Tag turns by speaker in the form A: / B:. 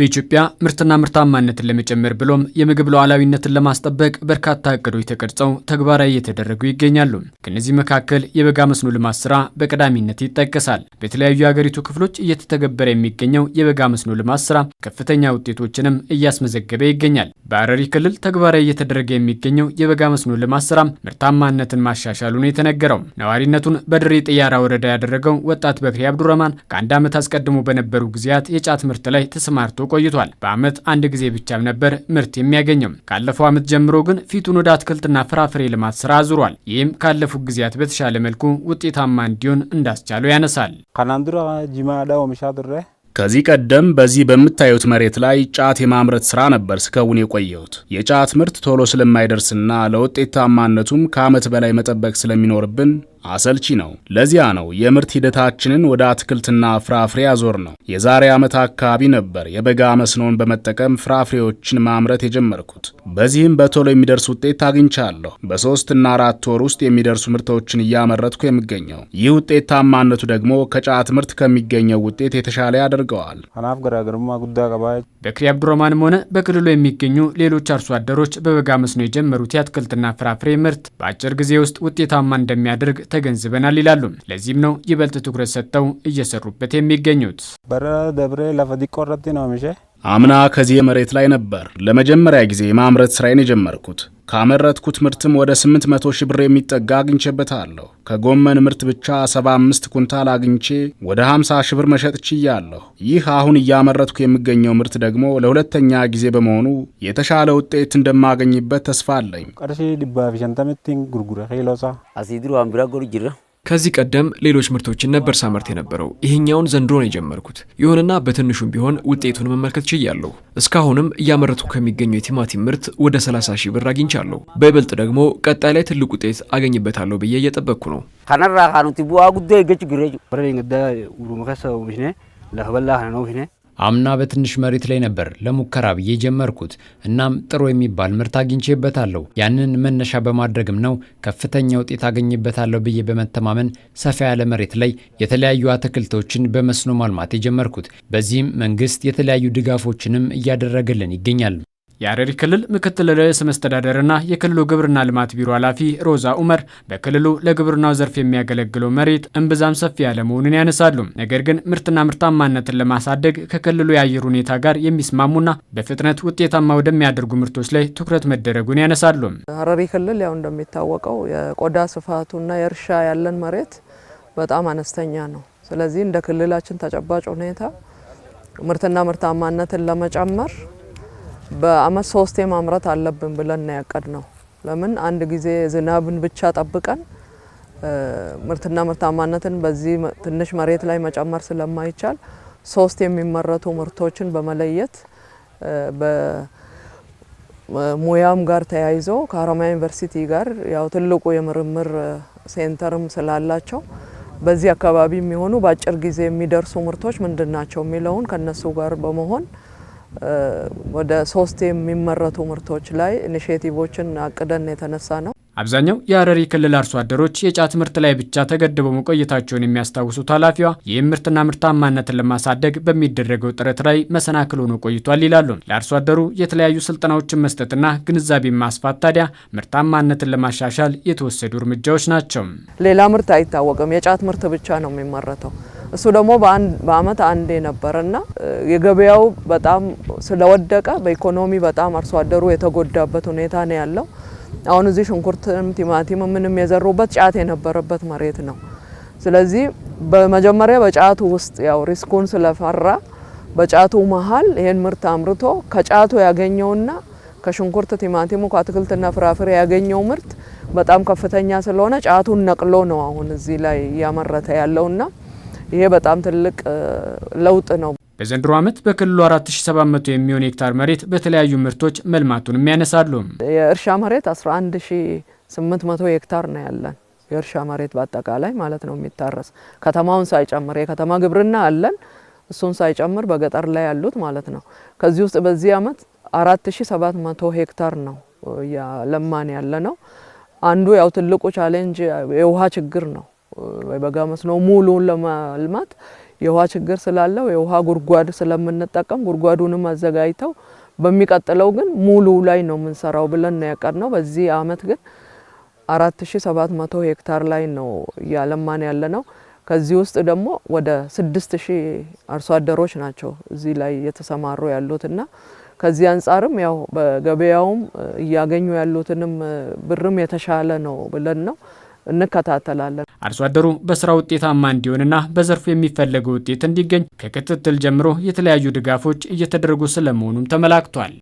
A: በኢትዮጵያ ምርትና ምርታማነትን ለመጨመር ብሎም የምግብ ሉዓላዊነትን ለማስጠበቅ በርካታ እቅዶች ተቀርጸው ተግባራዊ እየተደረጉ ይገኛሉ። ከእነዚህ መካከል የበጋ መስኖ ልማት ስራ በቀዳሚነት ይጠቀሳል። በተለያዩ የሀገሪቱ ክፍሎች እየተተገበረ የሚገኘው የበጋ መስኖ ልማት ስራ ከፍተኛ ውጤቶችንም እያስመዘገበ ይገኛል። በሐረሪ ክልል ተግባራዊ እየተደረገ የሚገኘው የበጋ መስኖ ልማት ስራ ምርታማነትን ማሻሻሉ ነው የተነገረው። ነዋሪነቱን በድሬ ጥያራ ወረዳ ያደረገው ወጣት በክሪ አብዱረማን ከአንድ ዓመት አስቀድሞ በነበሩ ጊዜያት የጫት ምርት ላይ ተሰማርቶ ቆይቷል። በዓመት አንድ ጊዜ ብቻም ነበር ምርት የሚያገኘው። ካለፈው ዓመት ጀምሮ ግን ፊቱን ወደ አትክልትና ፍራፍሬ ልማት ስራ አዙሯል። ይህም ካለፉት ጊዜያት በተሻለ መልኩ ውጤታማ እንዲሆን እንዳስቻለው ያነሳል። ከዚህ ቀደም በዚህ በምታዩት መሬት ላይ ጫት የማምረት ስራ ነበር ስከውን የቆየሁት። የጫት ምርት ቶሎ ስለማይደርስና ለውጤታማነቱም ከዓመት በላይ መጠበቅ ስለሚኖርብን አሰልቺ ነው። ለዚያ ነው የምርት ሂደታችንን ወደ አትክልትና ፍራፍሬ አዞር ነው። የዛሬ ዓመት አካባቢ ነበር የበጋ መስኖን በመጠቀም ፍራፍሬዎችን ማምረት የጀመርኩት። በዚህም በቶሎ የሚደርስ ውጤት አግኝቻለሁ። በሶስትና አራት ወር ውስጥ የሚደርሱ ምርቶችን እያመረትኩ የምገኘው ይህ ውጤታማነቱ ደግሞ ከጫት ምርት ከሚገኘው ውጤት የተሻለ ያደርገዋል። በክሪ አብዱረማንም ሆነ በክልሉ የሚገኙ ሌሎች አርሶ አደሮች በበጋ መስኖ የጀመሩት የአትክልትና ፍራፍሬ ምርት በአጭር ጊዜ ውስጥ ውጤታማ እንደሚያደርግ ተገንዝበናል ይላሉ። ለዚህም ነው ይበልጥ ትኩረት ሰጥተው እየሰሩበት የሚገኙት።
B: በረ ደብሬ
A: አምና ከዚህ መሬት ላይ ነበር ለመጀመሪያ ጊዜ የማምረት ስራዬን የጀመርኩት። ካመረትኩት ምርትም ወደ 800 ሺህ ብር የሚጠጋ አግኝቼበታለሁ። ከጎመን ምርት ብቻ 75 ኩንታል አግኝቼ ወደ 50 ሺህ ብር መሸጥ ችያለሁ። ይህ አሁን እያመረትኩ የሚገኘው ምርት ደግሞ ለሁለተኛ ጊዜ በመሆኑ የተሻለ ውጤት እንደማገኝበት ተስፋ አለኝ።
B: ቀርሺ ድባፊ ሸንተምቲን ጉርጉረ ሄሎሳ
C: አሲድሩ አንቢራ ጎር ጅራ
A: ከዚህ ቀደም ሌሎች ምርቶችን ነበር ሳመርት የነበረው። ይህኛውን ዘንድሮ ነው የጀመርኩት። ይሁንና በትንሹም ቢሆን ውጤቱን መመልከት ችያለሁ። እስካሁንም እያመረቱ ከሚገኙ የቲማቲም ምርት ወደ 30 ሺህ ብር አግኝቻለሁ። በይበልጥ ደግሞ ቀጣይ ላይ ትልቅ ውጤት አገኝበታለሁ ብዬ እየጠበቅኩ ነው።
B: ከነራ ካኑቲ ቡዋ ጉዳይ ገጭ ግሬጅ
A: አምና በትንሽ መሬት ላይ ነበር ለሙከራ ብዬ የጀመርኩት። እናም ጥሩ የሚባል ምርት አግኝቼበታለሁ። ያንን መነሻ በማድረግም ነው ከፍተኛ ውጤት አገኝበታለሁ ብዬ በመተማመን ሰፋ ያለ መሬት ላይ የተለያዩ አትክልቶችን በመስኖ ማልማት የጀመርኩት። በዚህም መንግስት የተለያዩ ድጋፎችንም እያደረገልን ይገኛል። የሐረሪ ክልል ምክትል ርዕሰ መስተዳደርና የክልሉ ግብርና ልማት ቢሮ ኃላፊ ሮዛ ኡመር በክልሉ ለግብርናው ዘርፍ የሚያገለግለው መሬት እምብዛም ሰፊ ያለመሆኑን ያነሳሉ። ነገር ግን ምርትና ምርታማነትን ለማሳደግ ከክልሉ የአየር ሁኔታ ጋር የሚስማሙና በፍጥነት ውጤታማ ወደሚያደርጉ ምርቶች ላይ ትኩረት መደረጉን ያነሳሉ።
D: ሐረሪ ክልል ያው እንደሚታወቀው የቆዳ ስፋቱና የእርሻ ያለን መሬት በጣም አነስተኛ ነው። ስለዚህ እንደ ክልላችን ተጨባጭ ሁኔታ ምርትና ምርታማነትን ለመጨመር በአመት ሶስቴ ማምረት አለብን ብለን ነው ያቀድ ነው። ለምን አንድ ጊዜ ዝናብን ብቻ ጠብቀን ምርትና ምርታማነትን በዚህ ትንሽ መሬት ላይ መጨመር ስለማይቻል ሶስት የሚመረቱ ምርቶችን በመለየት በሙያም ጋር ተያይዞ ከሀረማያ ዩኒቨርሲቲ ጋር ያው ትልቁ የምርምር ሴንተርም ስላላቸው በዚህ አካባቢ የሚሆኑ በአጭር ጊዜ የሚደርሱ ምርቶች ምንድን ናቸው የሚለውን ከነሱ ጋር በመሆን ወደ ሶስት የሚመረቱ ምርቶች ላይ ኢኒሽቲቮችን አቅደን የተነሳ ነው።
A: አብዛኛው የሀረሪ ክልል አርሶ አደሮች የጫት ምርት ላይ ብቻ ተገድበው መቆየታቸውን የሚያስታውሱት ኃላፊዋ ይህም ምርትና ምርታማነትን ለማሳደግ በሚደረገው ጥረት ላይ መሰናክል ሆኖ ቆይቷል ይላሉ። ለአርሶ አደሩ የተለያዩ ስልጠናዎችን መስጠትና ግንዛቤ ማስፋት ታዲያ ምርታማነትን ለማሻሻል የተወሰዱ እርምጃዎች ናቸው።
D: ሌላ ምርት አይታወቅም። የጫት ምርት ብቻ ነው የሚመረተው። እሱ ደግሞ በአመት አንዴ ነበርና የገበያው በጣም ስለወደቀ በኢኮኖሚ በጣም አርሶ አደሩ የተጎዳበት ሁኔታ ነው ያለው። አሁን እዚህ ሽንኩርትም ቲማቲም ምንም የዘሩበት ጫት የነበረበት መሬት ነው። ስለዚህ በመጀመሪያ በጫቱ ውስጥ ያው ሪስኩን ስለፈራ በጫቱ መሀል ይሄን ምርት አምርቶ ከጫቱ ያገኘውና ከሽንኩርት ቲማቲሙ ከአትክልትና ፍራፍሬ ያገኘው ምርት በጣም ከፍተኛ ስለሆነ ጫቱን ነቅሎ ነው አሁን እዚህ ላይ እያመረተ ያለውና ይሄ በጣም ትልቅ ለውጥ ነው።
A: በዘንድሮ ዓመት በክልሉ 4700 የሚሆን ሄክታር መሬት በተለያዩ ምርቶች መልማቱንም ያነሳሉ።
D: የእርሻ መሬት 11800 ሄክታር ነው ያለን የእርሻ መሬት በአጠቃላይ ማለት ነው የሚታረስ ከተማውን ሳይጨምር የከተማ ግብርና አለን እሱን ሳይጨምር በገጠር ላይ ያሉት ማለት ነው። ከዚህ ውስጥ በዚህ ዓመት 4700 ሄክታር ነው ለማን ያለ ነው። አንዱ ያው ትልቁ ቻሌንጅ የውሃ ችግር ነው። ወይ በጋ መስኖ ሙሉን ለማልማት የውሃ ችግር ስላለው የውሃ ጉድጓድ ስለምንጠቀም ጉድጓዱንም አዘጋጅተው በሚቀጥለው ግን ሙሉ ላይ ነው የምንሰራው ብለን ነው ያቀድነው። በዚህ አመት ግን 4700 ሄክታር ላይ ነው እያለማን ያለ ነው። ከዚህ ውስጥ ደግሞ ወደ 6000 አርሶ አደሮች ናቸው እዚህ ላይ የተሰማሩ ያሉትና ከዚህ አንጻርም ያው በገበያውም እያገኙ ያሉትንም ብርም የተሻለ ነው ብለን ነው እንከታተላለን።
A: አርሶ አደሩ በስራ ውጤታማ እንዲሆንና በዘርፉ የሚፈለገው ውጤት እንዲገኝ ከክትትል ጀምሮ የተለያዩ ድጋፎች እየተደረጉ ስለመሆኑም ተመላክቷል።